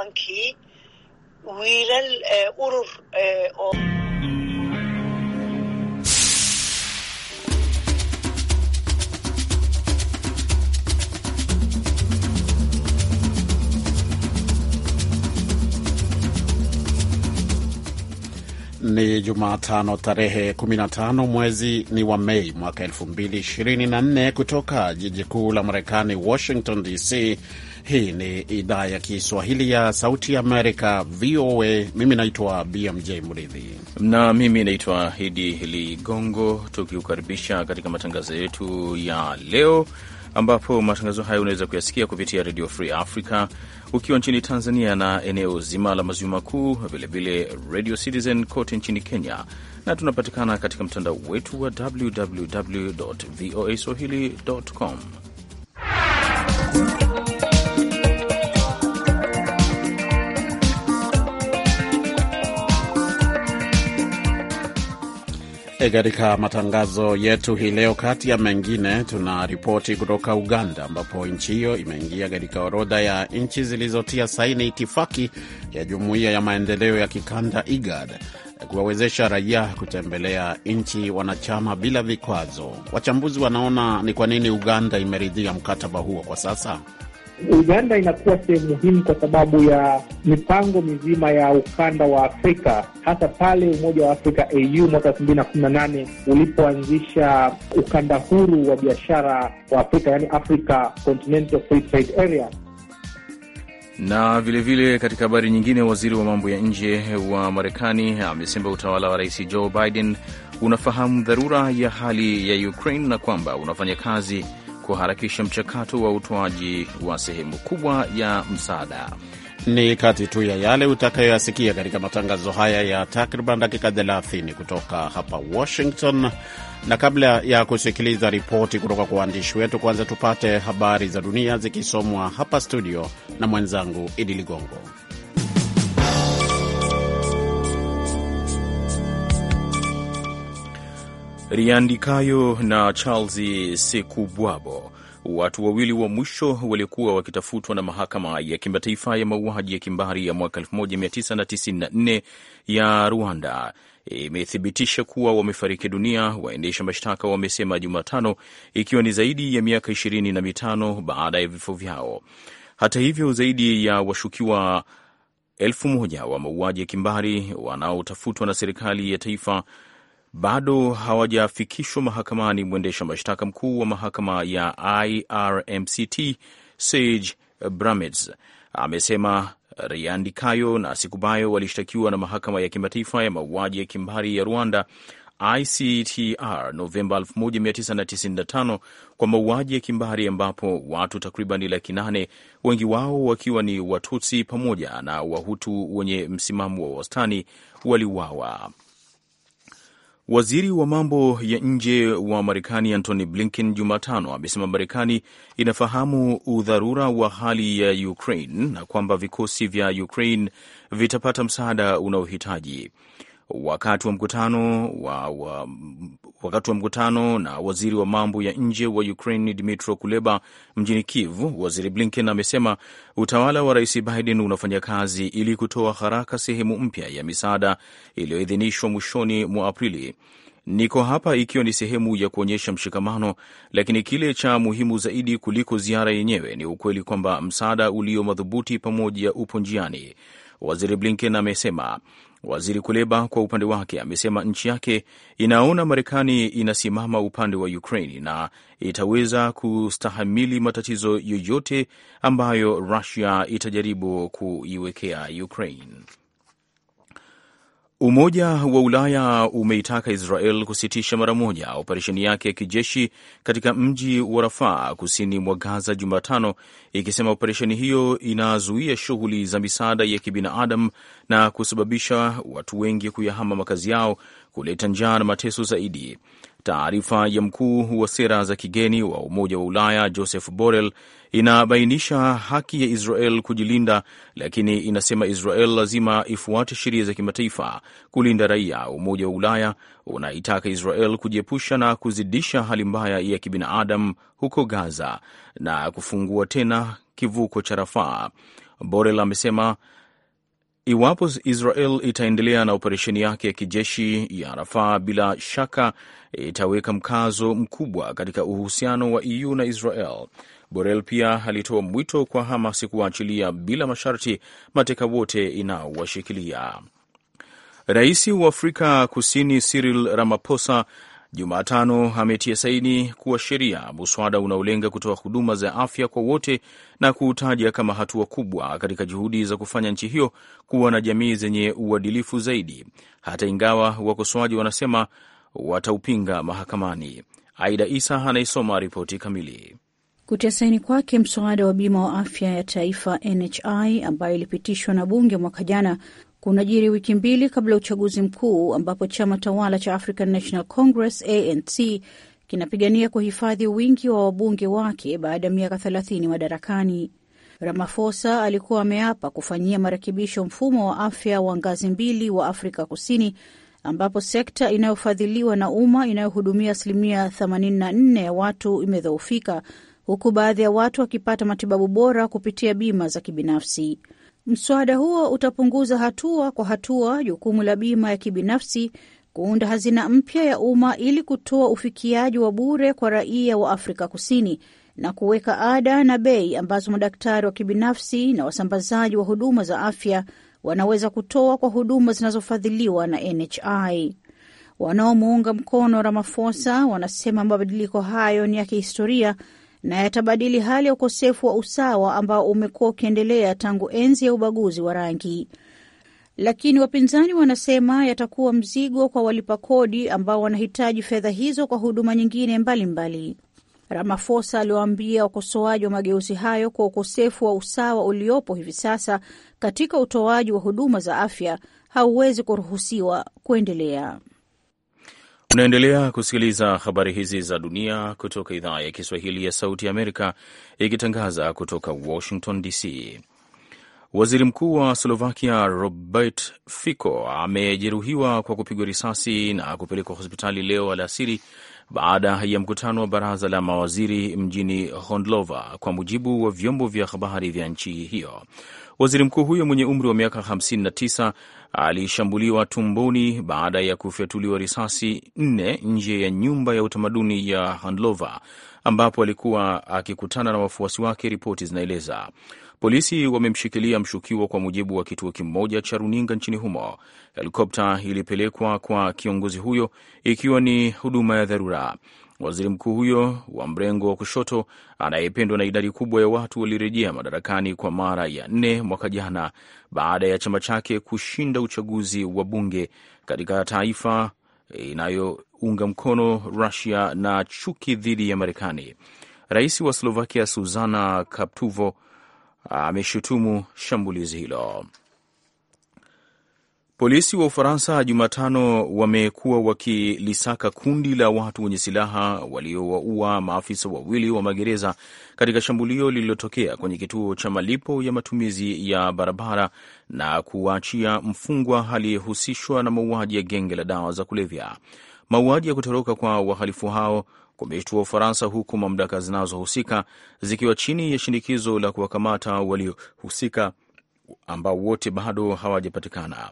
tobankii wiilal eh, urur oo eh, Ni Jumatano tarehe 15 mwezi ni wa Mei mwaka 2024 kutoka jiji kuu la Marekani, Washington DC. Hii ni idhaa ya Kiswahili ya Sauti Amerika, VOA. Mimi naitwa BMJ Mridhi na mimi naitwa Hidi Ligongo, tukiukaribisha katika matangazo yetu ya leo, ambapo matangazo hayo unaweza kuyasikia kupitia Redio Free Africa ukiwa nchini Tanzania na eneo zima la maziwa makuu, vilevile Radio Citizen kote nchini Kenya, na tunapatikana katika mtandao wetu wa www voa swahili.com. E, katika matangazo yetu hii leo, kati ya mengine, tuna ripoti kutoka Uganda ambapo nchi hiyo imeingia katika orodha ya nchi zilizotia saini itifaki ya jumuiya ya maendeleo ya kikanda IGAD kuwawezesha raia kutembelea nchi wanachama bila vikwazo. Wachambuzi wanaona ni kwa nini Uganda imeridhia mkataba huo kwa sasa. Uganda inakuwa sehemu muhimu kwa sababu ya mipango mizima ya ukanda wa Afrika, hasa pale Umoja wa Afrika au mwaka elfu mbili na kumi na nane ulipoanzisha ukanda huru wa biashara wa Afrika, yani Africa Continental Free Trade Area na vilevile vile katika habari nyingine, waziri wa mambo ya nje wa Marekani amesema utawala wa rais Joe Biden unafahamu dharura ya hali ya Ukraine na kwamba unafanya kazi kuharakisha mchakato wa utoaji wa sehemu kubwa ya msaada. Ni kati tu ya yale utakayoyasikia katika matangazo haya ya takriban dakika 30 kutoka hapa Washington. Na kabla ya kusikiliza ripoti kutoka kwa waandishi wetu, kwanza tupate habari za dunia zikisomwa hapa studio na mwenzangu Idi Ligongo. Riandikayo na Charles Sekubwabo, watu wawili wa mwisho waliokuwa wakitafutwa na mahakama ya kimataifa ya mauaji ya kimbari ya mwaka 1994 ya Rwanda imethibitisha kuwa wamefariki dunia, waendesha mashtaka wamesema Jumatano, ikiwa ni zaidi ya miaka ishirini na mitano baada ya vifo vyao. Hata hivyo, zaidi ya washukiwa elfu moja wa mauaji ya kimbari wanaotafutwa na serikali ya taifa bado hawajafikishwa mahakamani. Mwendesha mashtaka mkuu wa mahakama ya IRMCT Sage Bramids amesema Riandikayo na Sikubayo walishtakiwa na mahakama ya kimataifa ya mauaji ya kimbari ya Rwanda ICTR Novemba 1995 kwa mauaji ya kimbari ambapo watu takriban laki nane, wengi wao wakiwa ni Watutsi pamoja na Wahutu wenye msimamo wa wastani waliuawa. Waziri wa mambo ya nje wa Marekani Antony Blinken Jumatano amesema Marekani inafahamu udharura wa hali ya Ukraine na kwamba vikosi vya Ukraine vitapata msaada unaohitaji wakati wa mkutano wa, wa, wakati wa mkutano na waziri wa mambo ya nje wa Ukraine Dmytro Kuleba mjini Kiev, waziri Blinken amesema utawala wa rais Biden unafanya kazi ili kutoa haraka sehemu mpya ya misaada iliyoidhinishwa mwishoni mwa Aprili. Niko hapa ikiwa ni sehemu ya kuonyesha mshikamano, lakini kile cha muhimu zaidi kuliko ziara yenyewe ni ukweli kwamba msaada ulio madhubuti pamoja upo njiani, waziri Blinken amesema. Waziri Kuleba kwa upande wake amesema nchi yake inaona Marekani inasimama upande wa Ukraine na itaweza kustahamili matatizo yoyote ambayo Rusia itajaribu kuiwekea Ukraine. Umoja wa Ulaya umeitaka Israel kusitisha mara moja operesheni yake ya kijeshi katika mji wa Rafaa kusini mwa Gaza Jumatano, ikisema operesheni hiyo inazuia shughuli za misaada ya kibinadamu na kusababisha watu wengi kuyahama makazi yao, kuleta njaa na mateso zaidi. Taarifa ya mkuu wa sera za kigeni wa Umoja wa Ulaya Joseph Borrell inabainisha haki ya Israel kujilinda, lakini inasema Israel lazima ifuate sheria za kimataifa kulinda raia. Umoja wa Ulaya unaitaka Israel kujiepusha na kuzidisha hali mbaya ya kibinadamu huko Gaza na kufungua tena kivuko cha Rafaa. Borrell amesema Iwapo Israel itaendelea na operesheni yake ya kijeshi ya Rafaa, bila shaka itaweka mkazo mkubwa katika uhusiano wa EU na Israel. Borel pia alitoa mwito kwa Hamas kuwaachilia bila masharti mateka wote inaowashikilia. Rais wa Afrika Kusini Cyril Ramaphosa Jumatano ametia saini kuwa sheria muswada unaolenga kutoa huduma za afya kwa wote na kuutaja kama hatua kubwa katika juhudi za kufanya nchi hiyo kuwa na jamii zenye uadilifu zaidi, hata ingawa wakosoaji wanasema wataupinga mahakamani. Aida Isa anaisoma ripoti kamili. Kutia saini kwake mswada wa bima wa afya ya taifa NHI ambayo ilipitishwa na bunge mwaka jana kunajiri wiki mbili kabla ya uchaguzi mkuu ambapo chama tawala cha African National Congress ANC kinapigania kuhifadhi wingi wa wabunge wake baada ya miaka 30 madarakani. ramafosa alikuwa ameapa kufanyia marekebisho mfumo wa afya wa ngazi mbili wa Afrika Kusini, ambapo sekta inayofadhiliwa na umma inayohudumia asilimia 84 ya watu imedhoofika, huku baadhi ya watu wakipata matibabu bora kupitia bima za kibinafsi. Mswada huo utapunguza hatua kwa hatua jukumu la bima ya kibinafsi, kuunda hazina mpya ya umma ili kutoa ufikiaji wa bure kwa raia wa Afrika Kusini na kuweka ada na bei ambazo madaktari wa kibinafsi na wasambazaji wa huduma za afya wanaweza kutoa kwa huduma zinazofadhiliwa na NHI. Wanaomuunga mkono Ramaphosa wanasema mabadiliko hayo ni ya kihistoria na yatabadili hali ya ukosefu wa usawa ambao umekuwa ukiendelea tangu enzi ya ubaguzi wa rangi. Lakini wapinzani wanasema yatakuwa mzigo kwa walipa kodi ambao wanahitaji fedha hizo kwa huduma nyingine mbalimbali. ramafosa aliwaambia wakosoaji wa mageuzi hayo kwa ukosefu wa usawa uliopo hivi sasa katika utoaji wa huduma za afya hauwezi kuruhusiwa kuendelea. Unaendelea kusikiliza habari hizi za dunia kutoka idhaa ya Kiswahili ya Sauti ya Amerika ikitangaza kutoka Washington DC. Waziri Mkuu wa Slovakia Robert Fico amejeruhiwa kwa kupigwa risasi na kupelekwa hospitali leo alasiri baada ya mkutano wa baraza la mawaziri mjini Hondlova, kwa mujibu wa vyombo vya habari vya nchi hiyo. Waziri mkuu huyo mwenye umri wa miaka 59 alishambuliwa tumboni baada ya kufyatuliwa risasi nne nje ya nyumba ya utamaduni ya Hondlova ambapo alikuwa akikutana na wafuasi wake, ripoti zinaeleza. Polisi wamemshikilia mshukiwa kwa mujibu wa kituo kimoja cha runinga nchini humo. Helikopta ilipelekwa kwa kiongozi huyo ikiwa ni huduma ya dharura. Waziri mkuu huyo wa mrengo wa kushoto anayependwa na idadi kubwa ya watu walirejea madarakani kwa mara ya nne mwaka jana baada ya chama chake kushinda uchaguzi wa bunge katika taifa inayounga mkono Rusia na chuki dhidi ya Marekani. Rais wa Slovakia Suzana Kaptuvo ameshutumu shambulizi hilo. Polisi wa Ufaransa Jumatano wamekuwa wakilisaka kundi la watu wenye silaha waliowaua maafisa wawili wa magereza katika shambulio lililotokea kwenye kituo cha malipo ya matumizi ya barabara na kuwaachia mfungwa aliyehusishwa na mauaji ya genge la dawa za kulevya. Mauaji ya kutoroka kwa wahalifu hao kumeshtua Ufaransa, huku mamlaka zinazohusika zikiwa chini ya shinikizo la kuwakamata waliohusika ambao wote bado hawajapatikana.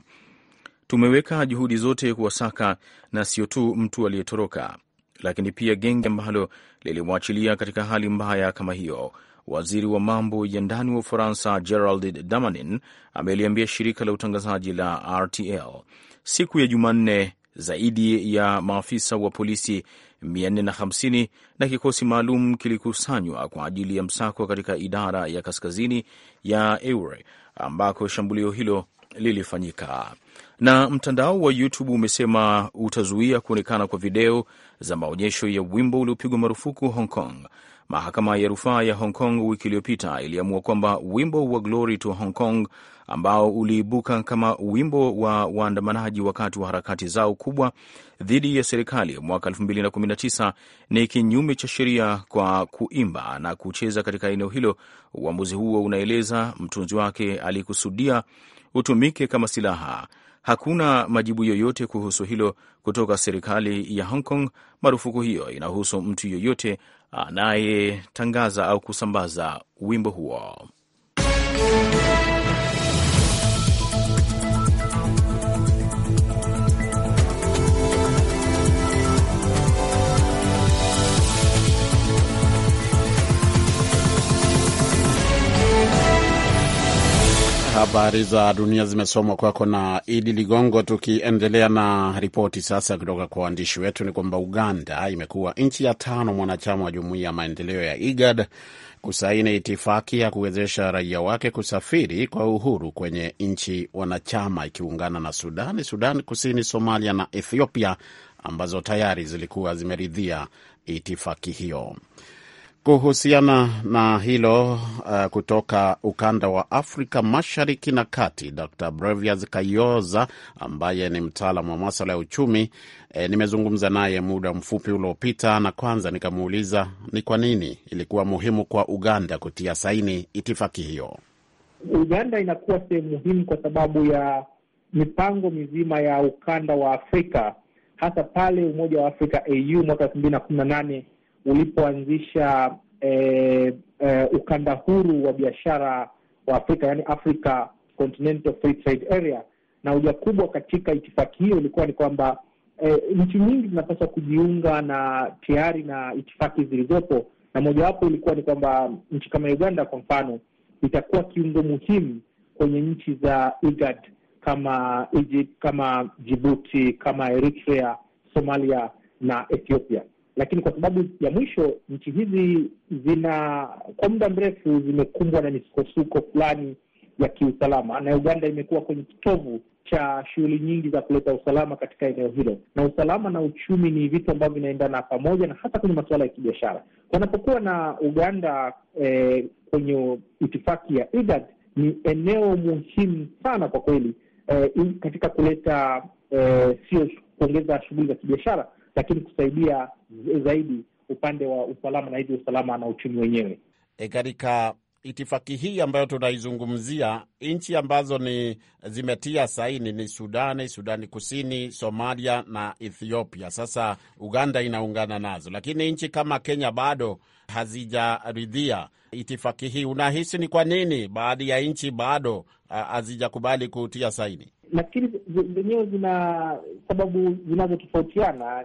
Tumeweka juhudi zote kuwasaka, na sio tu mtu aliyetoroka, lakini pia genge ambalo lilimwachilia katika hali mbaya kama hiyo. Waziri wa mambo ya ndani wa Ufaransa Gerald Damanin ameliambia shirika la utangazaji la RTL siku ya Jumanne. Zaidi ya maafisa wa polisi 450 na kikosi maalum kilikusanywa kwa ajili ya msako katika idara ya kaskazini ya Eure ambako shambulio hilo lilifanyika. Na mtandao wa YouTube umesema utazuia kuonekana kwa video za maonyesho ya wimbo uliopigwa marufuku Hong Kong. Mahakama ya rufaa ya Hong Kong wiki iliyopita iliamua kwamba wimbo wa Glory to Hong Kong ambao uliibuka kama wimbo wa waandamanaji wakati wa harakati zao kubwa dhidi ya serikali mwaka 2019 ni kinyume cha sheria kwa kuimba na kucheza katika eneo hilo. Uamuzi huo unaeleza mtunzi wake alikusudia utumike kama silaha Hakuna majibu yoyote kuhusu hilo kutoka serikali ya Hong Kong. Marufuku hiyo inahusu mtu yoyote anayetangaza au kusambaza wimbo huo. Habari za dunia zimesomwa kwako na Idi Ligongo. Tukiendelea na ripoti sasa kutoka kwa waandishi wetu, ni kwamba Uganda imekuwa nchi ya tano mwanachama wa jumuiya ya maendeleo ya IGAD kusaini itifaki ya kuwezesha raia wake kusafiri kwa uhuru kwenye nchi wanachama, ikiungana na Sudani, Sudani Kusini, Somalia na Ethiopia ambazo tayari zilikuwa zimeridhia itifaki hiyo. Kuhusiana na hilo uh, kutoka ukanda wa Afrika Mashariki na Kati, Dr. Brevias Kayoza ambaye ni mtaalamu wa maswala ya uchumi eh, nimezungumza naye muda mfupi uliopita, na kwanza nikamuuliza ni kwa nini ilikuwa muhimu kwa Uganda kutia saini itifaki hiyo. Uganda inakuwa sehemu muhimu kwa sababu ya mipango mizima ya ukanda wa Afrika, hasa pale Umoja wa Afrika au mwaka elfu mbili na kumi na nane ulipoanzisha eh, eh, ukanda huru wa biashara wa Afrika, yani Africa Continental Free Trade Area, na hoja kubwa katika itifaki hiyo ilikuwa ni kwamba eh, nchi nyingi zinapaswa kujiunga na tayari na itifaki zilizopo, na mojawapo ilikuwa ni kwamba nchi kama Uganda kwa mfano itakuwa kiungo muhimu kwenye nchi za IGAD kama Egypt, kama Djibouti, kama Eritrea, Somalia na Ethiopia lakini kwa sababu ya mwisho, nchi hizi zina kwa muda mrefu zimekumbwa na misukosuko fulani ya kiusalama, na Uganda imekuwa kwenye kitovu cha shughuli nyingi za kuleta usalama katika eneo hilo, na usalama na uchumi ni vitu ambavyo vinaendana pamoja, na hasa kwenye masuala ya kibiashara. Wanapokuwa na Uganda eh, kwenye itifaki ya IGAD ni eneo muhimu sana kwa kweli eh, katika kuleta eh, sio kuongeza shughuli za kibiashara lakini kusaidia zaidi upande wa usalama na hivi usalama na uchumi wenyewe. E, katika itifaki hii ambayo tunaizungumzia, nchi ambazo ni zimetia saini ni Sudani, Sudani Kusini, Somalia na Ethiopia. Sasa Uganda inaungana nazo, lakini nchi kama Kenya bado hazijaridhia itifaki hii. Unahisi ni kwa nini baadhi ya nchi bado hazijakubali kutia saini? nafikiri zenyewe zina sababu zinazotofautiana.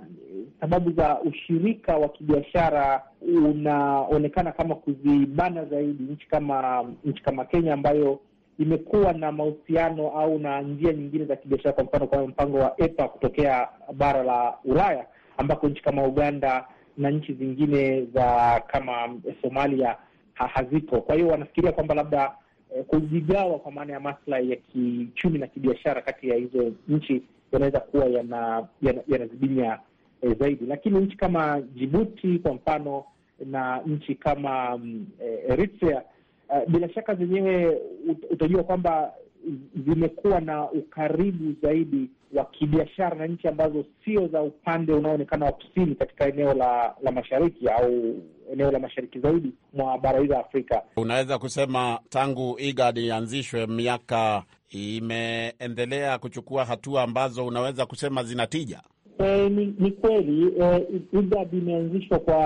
Sababu za ushirika wa kibiashara unaonekana kama kuzibana zaidi nchi kama nchi kama Kenya ambayo imekuwa na mahusiano au na njia nyingine za kibiashara, kwa mfano kwa mpango wa EPA kutokea bara la Ulaya, ambako nchi kama Uganda na nchi zingine za kama Somalia ha Kwa hiyo wanafikiria kwamba labda eh, kujigawa kwa maana ya maslahi ya kiuchumi na kibiashara kati ya hizo nchi yanaweza kuwa yanazibinya yana, yana eh, zaidi. Lakini nchi kama Jibuti kwa mfano na nchi kama mm, eh, Eritrea eh, bila shaka zenyewe ut, utajua kwamba zimekuwa na ukaribu zaidi wa kibiashara na nchi ambazo sio za upande unaoonekana wa kusini katika eneo la la mashariki au eneo la mashariki zaidi mwa bara hili la Afrika. Unaweza kusema tangu IGAD ianzishwe, miaka imeendelea kuchukua hatua ambazo unaweza kusema zinatija. E, ni, ni kweli e, IGAD imeanzishwa kwa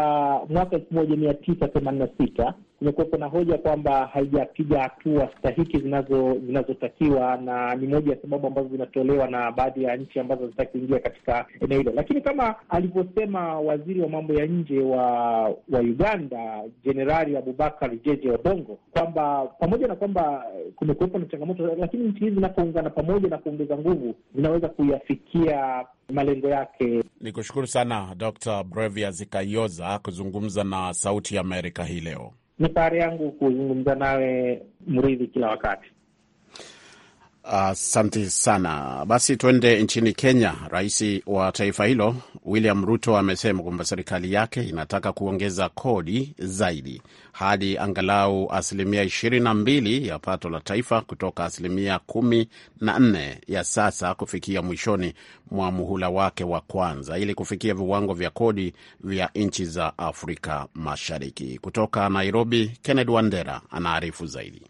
mwaka elfu moja mia tisa themanini na sita kumekuwepo na hoja kwamba haijapiga hatua stahiki zinazo zinazotakiwa, na ni moja ya sababu ambazo zinatolewa na baadhi ya nchi ambazo hazitaki kuingia katika eneo hilo. Lakini kama alivyosema waziri wa mambo ya nje wa wa Uganda Jenerali Abubakar Jeje Odongo kwamba pamoja na kwamba kumekuwepo na changamoto, lakini nchi hizi zinapoungana pamoja na kuongeza nguvu zinaweza kuyafikia malengo yake. Ni kushukuru sana Dr. Brevia Zikayoza kuzungumza na Sauti ya Amerika hii leo. Ni fahari yangu kuzungumza nawe Mridhi kila wakati. Asante uh, sana. Basi tuende nchini Kenya. Rais wa taifa hilo William Ruto amesema kwamba serikali yake inataka kuongeza kodi zaidi hadi angalau asilimia ishirini na mbili ya pato la taifa kutoka asilimia kumi na nne ya sasa kufikia mwishoni mwa muhula wake wa kwanza ili kufikia viwango vya kodi vya nchi za Afrika Mashariki. Kutoka Nairobi, kenned Wandera anaarifu zaidi.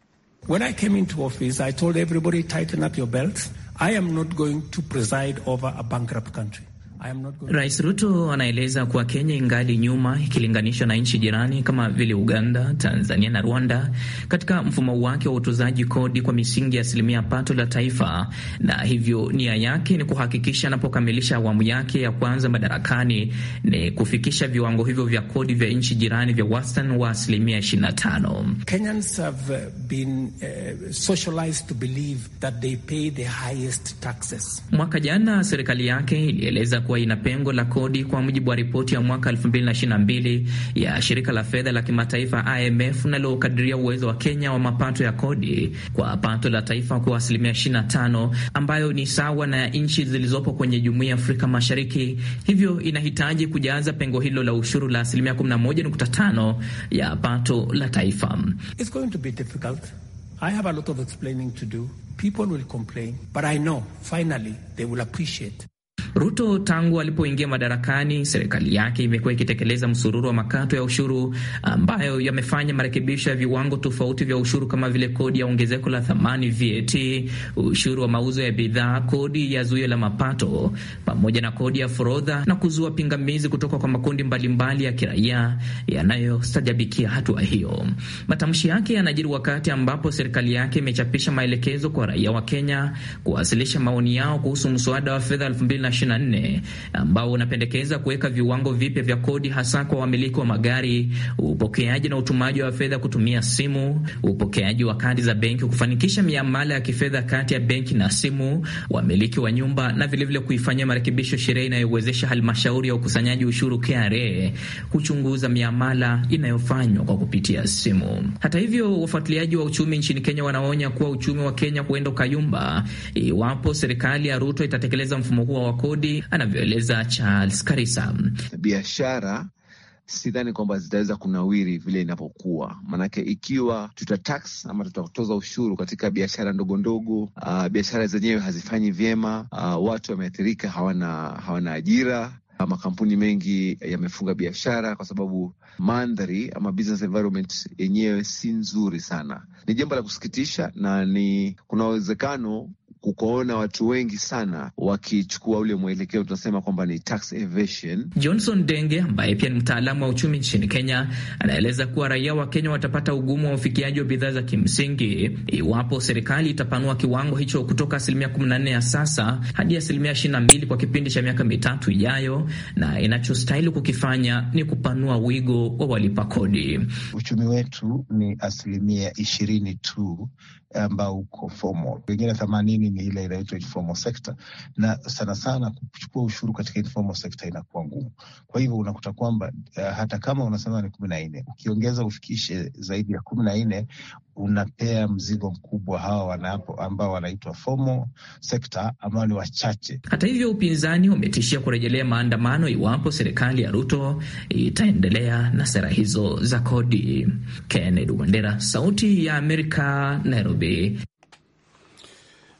When I came into office, I told everybody, tighten up your belts. I am not going to preside over a bankrupt country. Rais Ruto anaeleza kuwa Kenya ingali nyuma ikilinganishwa na nchi jirani kama vile Uganda, Tanzania na Rwanda katika mfumo wake wa utozaji kodi kwa misingi ya asilimia pato la taifa, na hivyo nia yake ni kuhakikisha anapokamilisha awamu yake ya kwanza madarakani ni kufikisha viwango hivyo vya kodi vya nchi jirani vya wastani wa asilimia 25. Uh, uh, Mwaka jana serikali yake ilieleza kuwa ina pengo la kodi, kwa mujibu wa ripoti ya mwaka 2022 ya shirika la fedha la kimataifa IMF linalokadiria uwezo wa Kenya wa mapato ya kodi kwa pato la taifa kwa asilimia 25, ambayo ni sawa na nchi zilizopo kwenye jumuiya ya Afrika Mashariki. Hivyo inahitaji kujaza pengo hilo la ushuru la asilimia 11.5 ya pato la taifa. It's going to be difficult. I have a lot of explaining to do. People will complain, but I know finally they will appreciate. Ruto tangu alipoingia madarakani, serikali yake imekuwa ikitekeleza msururu wa makato ya ushuru ambayo yamefanya marekebisho ya viwango tofauti vya ushuru kama vile kodi ya ongezeko la thamani VAT, ushuru wa mauzo ya bidhaa, kodi ya zuio la mapato pamoja na kodi ya forodha na kuzua pingamizi kutoka kwa makundi mbalimbali mbali ya kiraia yanayostajabikia hatua hiyo. Matamshi yake yanajiri wakati ambapo serikali yake imechapisha maelekezo kwa raia wa Kenya kuwasilisha maoni yao kuhusu mswada wa fedha 2024 ambao unapendekeza kuweka viwango vipya vya kodi hasa kwa wamiliki wa magari, upokeaji na utumaji wa fedha kutumia simu, upokeaji wa kadi za benki kufanikisha miamala ya kifedha kati ya benki na simu, wamiliki wa nyumba na vilevile kuifanyia marekebisho sheria inayowezesha halmashauri ya ukusanyaji ushuru KRA kuchunguza miamala inayofanywa kwa kupitia simu. Hata hivyo, wafuatiliaji wa uchumi nchini Kenya wanaonya kuwa uchumi wa Kenya huenda ukayumba iwapo serikali ya Ruto itatekeleza mfumo huo wa kodi, anavyoeleza Charles Karisa. Biashara sidhani kwamba zitaweza kunawiri vile inavyokuwa, maanake ikiwa tuta ama tutatoza ushuru katika biashara ndogo ndogo, uh, biashara zenyewe hazifanyi vyema, uh, watu wameathirika, hawana, hawana ajira ah, Makampuni mengi yamefunga biashara kwa sababu mandhari ama business environment yenyewe si nzuri sana. Ni jambo la kusikitisha na ni kuna uwezekano kukaona watu wengi sana wakichukua ule mwelekeo tunasema kwamba ni tax evasion. Johnson Denge ambaye pia ni mtaalamu wa uchumi nchini Kenya anaeleza kuwa raia wa Kenya watapata ugumu wa ufikiaji wa bidhaa za kimsingi iwapo serikali itapanua kiwango hicho kutoka asilimia 14 ya sasa hadi asilimia 22 kwa kipindi cha miaka mitatu ijayo, na inachostahili kukifanya ni kupanua wigo wa walipa kodi. Uchumi wetu ni asilimia ishirini tu ambao uko formal, wengine themanini ni ile inaitwa informal sector, na sana sana kuchukua ushuru katika informal sector inakuwa ngumu. Kwa hivyo unakuta kwamba uh, hata kama unasema ni kumi na nne, ukiongeza ufikishe zaidi ya kumi na nne unapea mzigo mkubwa hawa wanapo ambao wanaitwa formal sector ambao ni wachache. Hata hivyo, upinzani umetishia kurejelea maandamano iwapo serikali ya Ruto itaendelea na sera hizo za kodi. Kennedy Wandera, Sauti ya Amerika, Nairobi.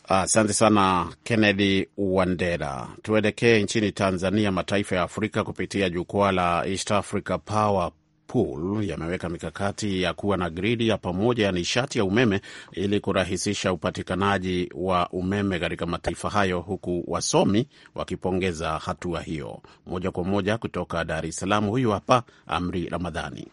Asante sana Kennedy Wandera. Tuelekee nchini Tanzania. Mataifa ya Afrika kupitia jukwaa la East Africa Power Pool yameweka mikakati ya kuwa na gridi ya pamoja ya nishati ya umeme ili kurahisisha upatikanaji wa umeme katika mataifa hayo, huku wasomi wakipongeza hatua hiyo. Moja kwa moja kutoka Dar es Salaam, huyu hapa Amri Ramadhani.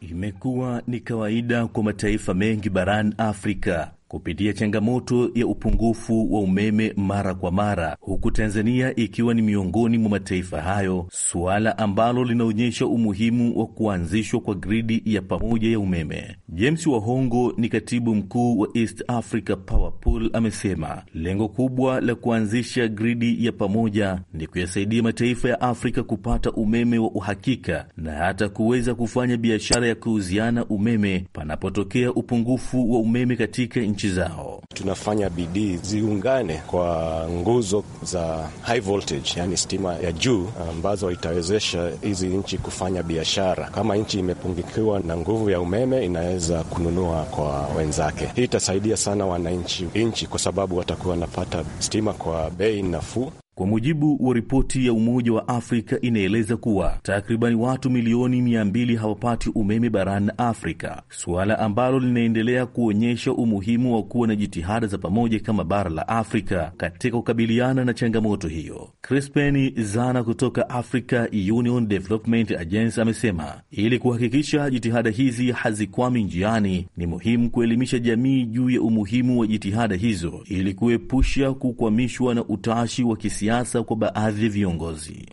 Imekuwa ni kawaida kwa mataifa mengi barani Afrika kupitia changamoto ya upungufu wa umeme mara kwa mara, huku Tanzania ikiwa ni miongoni mwa mataifa hayo, suala ambalo linaonyesha umuhimu wa kuanzishwa kwa gridi ya pamoja ya umeme. James Wahongo ni katibu mkuu wa East Africa Power Pool, amesema lengo kubwa la kuanzisha gridi ya pamoja ni kuyasaidia mataifa ya Afrika kupata umeme wa uhakika na hata kuweza kufanya biashara ya kuuziana umeme panapotokea upungufu wa umeme katika nchi nchi zao. Tunafanya bidii ziungane kwa nguzo za high voltage, yani stima ya juu ambazo itawezesha hizi nchi kufanya biashara. Kama nchi imepungikiwa na nguvu ya umeme, inaweza kununua kwa wenzake. Hii itasaidia sana wananchi nchi, kwa sababu watakuwa wanapata stima kwa bei nafuu. Kwa mujibu wa ripoti ya Umoja wa Afrika inaeleza kuwa takribani watu milioni 200 hawapati umeme barani Afrika, suala ambalo linaendelea kuonyesha umuhimu wa kuwa na jitihada za pamoja kama bara la Afrika katika kukabiliana na changamoto hiyo. Crispin Zana kutoka Africa Union Development Agency amesema ili kuhakikisha jitihada hizi hazikwami njiani, ni muhimu kuelimisha jamii juu ya umuhimu wa jitihada hizo ili kuepusha kukwamishwa na utashi wa kisi kisiasa kwa baadhi ya viongozi.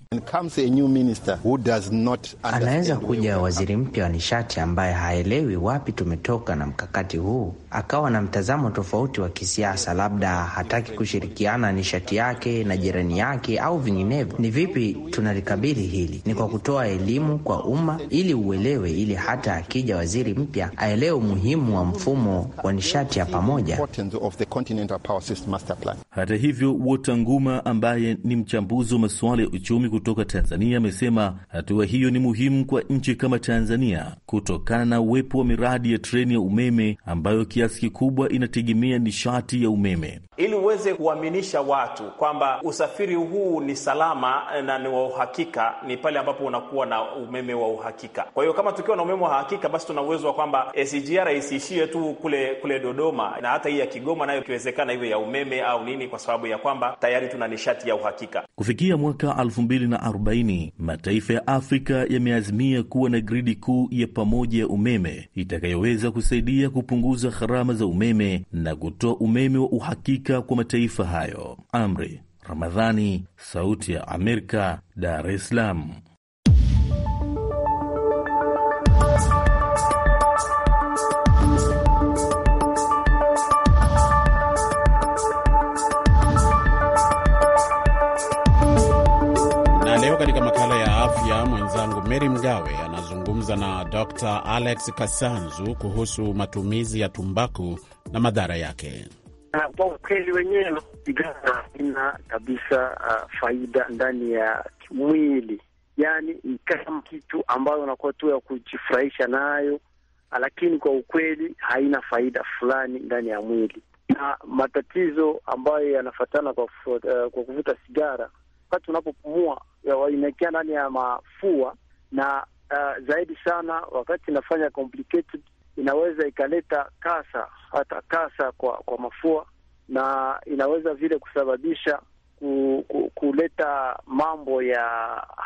Anaweza kuja waziri mpya wa nishati ambaye haelewi wapi tumetoka na mkakati huu, akawa na mtazamo tofauti wa kisiasa, labda hataki kushirikiana nishati yake na jirani yake au vinginevyo. Ni vipi tunalikabili hili? Ni kwa kutoa elimu kwa umma ili uelewe, ili hata akija waziri mpya aelewe umuhimu wa mfumo wa nishati ya pamoja. Hata hivyo, Wotanguma ambaye ambaye ni mchambuzi wa masuala ya uchumi kutoka Tanzania, amesema hatua hiyo ni muhimu kwa nchi kama Tanzania kutokana na uwepo wa miradi ya treni ya umeme ambayo kiasi kikubwa inategemea nishati ya umeme, ili uweze kuaminisha watu kwamba usafiri huu ni salama na ni wa uhakika, ni pale ambapo unakuwa na umeme wa uhakika. Kwa hiyo kama tukiwa na umeme wa uhakika, basi tuna uwezo wa kwamba SGR isiishie tu kule kule Dodoma, na hata hii ya Kigoma nayo ikiwezekana iwe ya umeme au nini, kwa sababu ya kwamba tayari tuna nishati ya uhakika. Kufikia mwaka 2040 mataifa ya Afrika yameazimia kuwa na gridi kuu ya pamoja ya umeme itakayoweza kusaidia kupunguza gharama za umeme na kutoa umeme wa uhakika kwa mataifa hayo. Amri Ramadhani, Sauti ya Amerika, Dar es Salaam. katika makala ya afya, mwenzangu Meri Mgawe anazungumza na Dr Alex Kasanzu kuhusu matumizi ya tumbaku na madhara yake. Kwa ukweli wenyewe, sigara haina kabisa uh, faida ndani ya mwili, yaani ni kama kitu ambayo unakuwa tu ya kujifurahisha nayo, lakini kwa ukweli haina faida fulani ndani ya mwili, na matatizo ambayo yanafatana kwa, uh, kwa kuvuta sigara wakati unapopumua inaingia ndani ya mafua na uh, zaidi sana wakati inafanya complicated inaweza ikaleta kasa, hata kasa kwa kwa mafua, na inaweza vile kusababisha ku, ku, kuleta mambo ya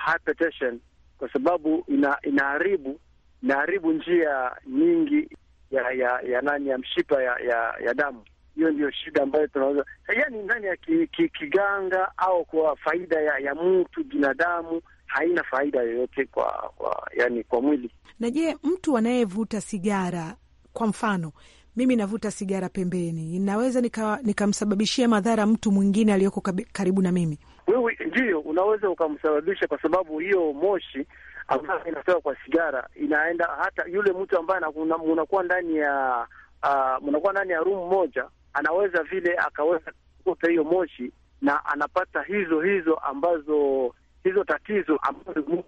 hypertension, kwa sababu ina, inaharibu inaharibu njia nyingi ya ya, ya nani ya mshipa ya, ya, ya damu hiyo ndio shida ambayo tunaweza yaani, ndani ya ki, ki, kiganga au kwa faida ya, ya mtu binadamu haina faida yoyote kwa, kwa yani kwa mwili. Na je, mtu anayevuta sigara kwa mfano mimi navuta sigara pembeni, naweza nikamsababishia nika madhara mtu mwingine aliyoko karibu na mimi? Wewe ndiyo unaweza ukamsababisha, kwa sababu hiyo moshi ambayo inatoka kwa sigara inaenda hata yule mtu ambaye unakuwa ndani ya uh, mnakuwa ndani ya room moja anaweza vile akaweza kukuta hiyo moshi na anapata hizo hizo ambazo hizo tatizo ambazo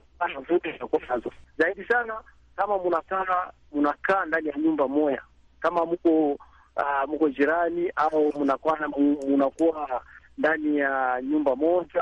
nazo zaidi sana. Kama mnakaa mnakaa ndani ya nyumba moya, kama mko uh, mko jirani au mnakuwa mnakuwa ndani ya nyumba moja,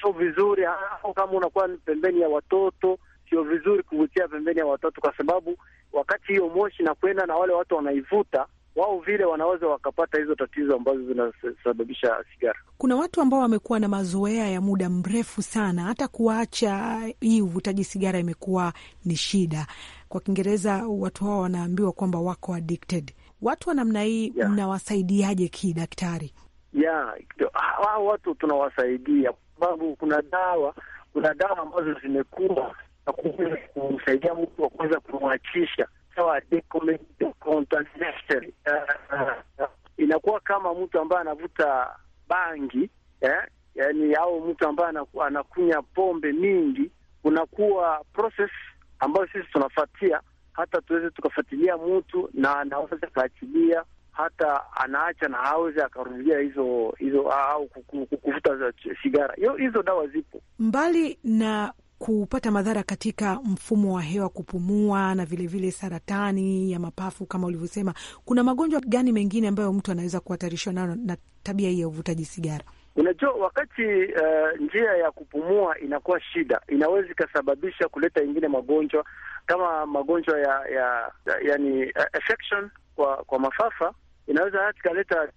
sio vizuri. Au kama unakuwa pembeni ya watoto, sio vizuri kuvutia pembeni ya watoto, kwa sababu wakati hiyo moshi na kwenda na wale watu wanaivuta wao vile wanaweza wakapata hizo tatizo ambazo zinasababisha sigara. Kuna watu ambao wamekuwa na mazoea ya muda mrefu sana, hata kuacha hii uvutaji sigara imekuwa ni shida. Kwa Kiingereza watu hao wanaambiwa kwamba wako addicted. Watu wa namna hii yeah, mnawasaidiaje kidaktari? Yeah, hao watu tunawasaidia kwa sababu kuna dawa, kuna dawa ambazo zimekuwa na kusaidia mtu wa kuweza kumwachisha wa uh, eh, eh, eh, inakuwa kama mtu ambaye anavuta bangi eh, yani au mtu ambaye anakunya pombe mingi, kunakuwa process ambayo sisi tunafuatia hata tuweze tukafuatilia mtu na anaweza akaachilia hata anaacha na aweze akarudia hizo hizo au kuvuta sigara. hizo dawa zipo. Mbali na kupata madhara katika mfumo wa hewa, kupumua na vilevile vile saratani ya mapafu kama ulivyosema. Kuna magonjwa gani mengine ambayo mtu anaweza kuhatarishwa nayo na tabia hii ya uvutaji sigara? Unajua, wakati uh, njia ya kupumua inakuwa shida, inaweza ikasababisha kuleta ingine magonjwa kama magonjwa ya, ya, ya yani, uh, kwa kwa mafafa, inaweza hata ikaleta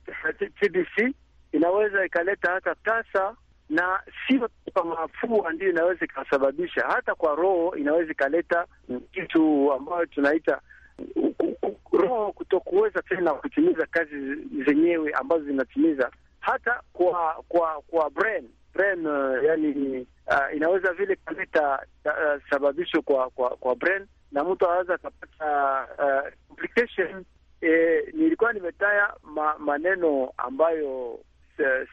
TBC, inaweza ikaleta hata tasa na sio kwa mafua ndio inaweza ikasababisha, hata kwa roho inaweza ikaleta kitu ambayo tunaita roho kutokuweza tena kutimiza kazi zenyewe ambazo zinatimiza, hata kwa kwa kwa brain brain, uh, yani uh, inaweza vile kaleta uh, sababisho kwa kwa kwa brain, na mtu anaweza akapata uh, complication. Eh, nilikuwa nimetaya ma, maneno ambayo uh,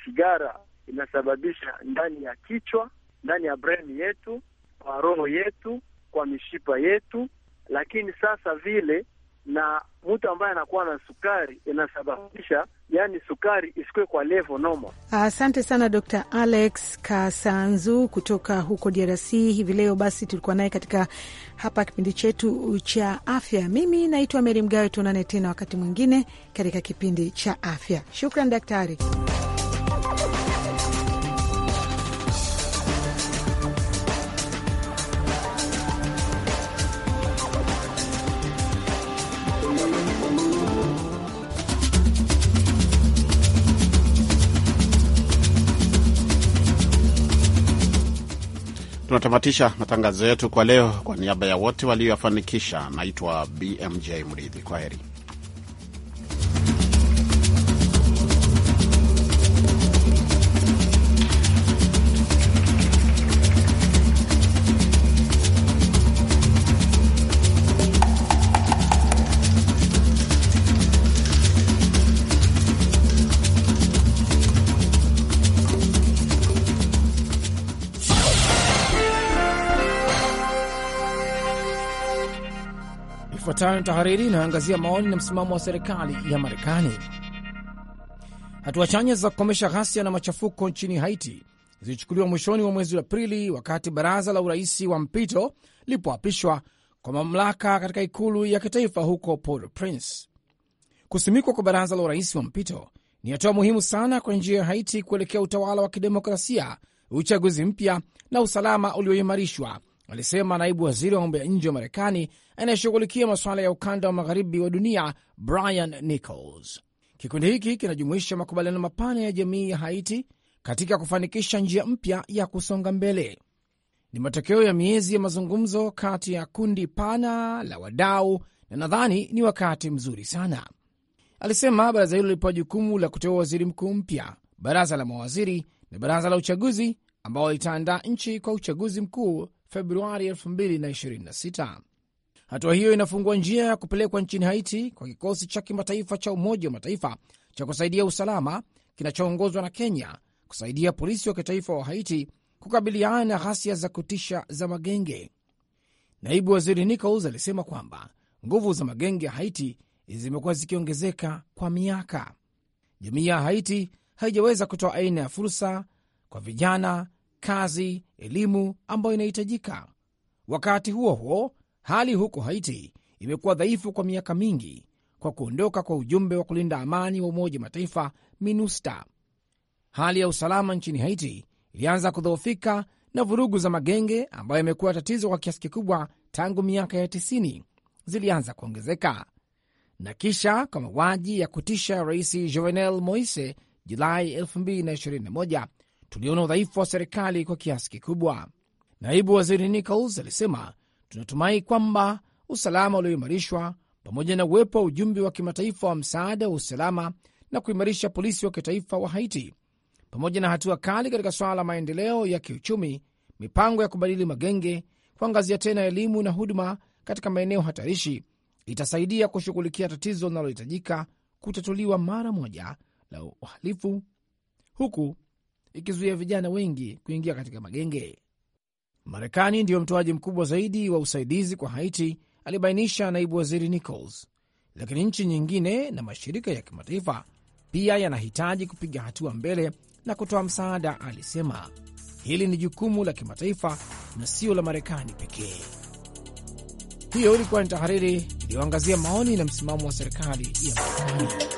sigara inasababisha ndani ya kichwa, ndani ya brain yetu, kwa roho yetu, kwa mishipa yetu. Lakini sasa vile na mtu ambaye anakuwa na sukari inasababisha yani sukari isikuwe kwa levo noma. Asante sana Dr. Alex Kasanzu kutoka huko DRC hivi leo. Basi tulikuwa naye katika hapa kipindi chetu cha afya. Mimi naitwa Meri Mgawe, tuonane tena wakati mwingine katika kipindi cha afya. Shukran daktari. tunatamatisha matangazo yetu kwa leo. Kwa niaba ya wote walioyafanikisha, naitwa BMJ Mridhi. Kwa heri. Ifuatayo ni tahariri inayoangazia maoni na msimamo wa serikali ya Marekani. Hatua chanya za kukomesha ghasia na machafuko nchini Haiti zilichukuliwa mwishoni mwa mwezi wa Aprili wakati baraza la urais wa mpito lilipoapishwa kwa mamlaka katika ikulu ya kitaifa huko Port-au-Prince. Kusimikwa kwa baraza la urais wa mpito ni hatua muhimu sana kwa njia ya Haiti kuelekea utawala wa kidemokrasia, uchaguzi mpya na usalama ulioimarishwa alisema naibu waziri wa mambo ya nje wa Marekani anayeshughulikia masuala ya ukanda wa magharibi wa dunia Brian Nichols. Kikundi hiki kinajumuisha makubaliano mapana ya jamii ya Haiti katika kufanikisha njia mpya ya kusonga mbele. Ni matokeo ya miezi ya mazungumzo kati ya kundi pana la wadau, na nadhani ni wakati mzuri sana, alisema. Baraza hilo lilipewa jukumu la kuteua waziri mkuu mpya, baraza la mawaziri na baraza la uchaguzi, ambao litaandaa nchi kwa uchaguzi mkuu Februari 2026. Hatua hiyo inafungua njia ya kupelekwa nchini Haiti kwa kikosi cha kimataifa cha Umoja wa Mataifa cha kusaidia usalama kinachoongozwa na Kenya kusaidia polisi wa kitaifa wa Haiti kukabiliana na ghasia za kutisha za magenge. Naibu Waziri Nichols alisema kwamba nguvu za magenge ya Haiti zimekuwa zikiongezeka kwa miaka. Jamii ya Haiti haijaweza kutoa aina ya fursa kwa vijana kazi, elimu ambayo inahitajika. Wakati huo huo, hali huko Haiti imekuwa dhaifu kwa miaka mingi kwa kuondoka kwa ujumbe wa kulinda amani wa Umoja Mataifa MINUSTA. Hali ya usalama nchini Haiti ilianza kudhoofika na vurugu za magenge ambayo yamekuwa tatizo kwa kiasi kikubwa tangu miaka ya 90 zilianza kuongezeka na kisha kwa mauaji ya kutisha Rais Jovenel Moise Julai 2021 tuliona udhaifu wa serikali kwa kiasi kikubwa. Naibu waziri Nichols alisema, tunatumai kwamba usalama ulioimarishwa pamoja na uwepo wa ujumbe wa kimataifa wa msaada wa usalama na kuimarisha polisi wa kitaifa wa Haiti pamoja na hatua kali katika swala la maendeleo ya kiuchumi, mipango ya kubadili magenge, kuangazia tena elimu na huduma katika maeneo hatarishi itasaidia kushughulikia tatizo linalohitajika kutatuliwa mara moja la uhalifu, huku ikizuia vijana wengi kuingia katika magenge. Marekani ndiyo mtoaji mkubwa zaidi wa usaidizi kwa Haiti, alibainisha naibu waziri Nichols, lakini nchi nyingine na mashirika ya kimataifa pia yanahitaji kupiga hatua mbele na kutoa msaada, alisema. Hili ni jukumu la kimataifa na sio la Marekani pekee. Hiyo ilikuwa ni tahariri iliyoangazia maoni na msimamo wa serikali ya Marekani.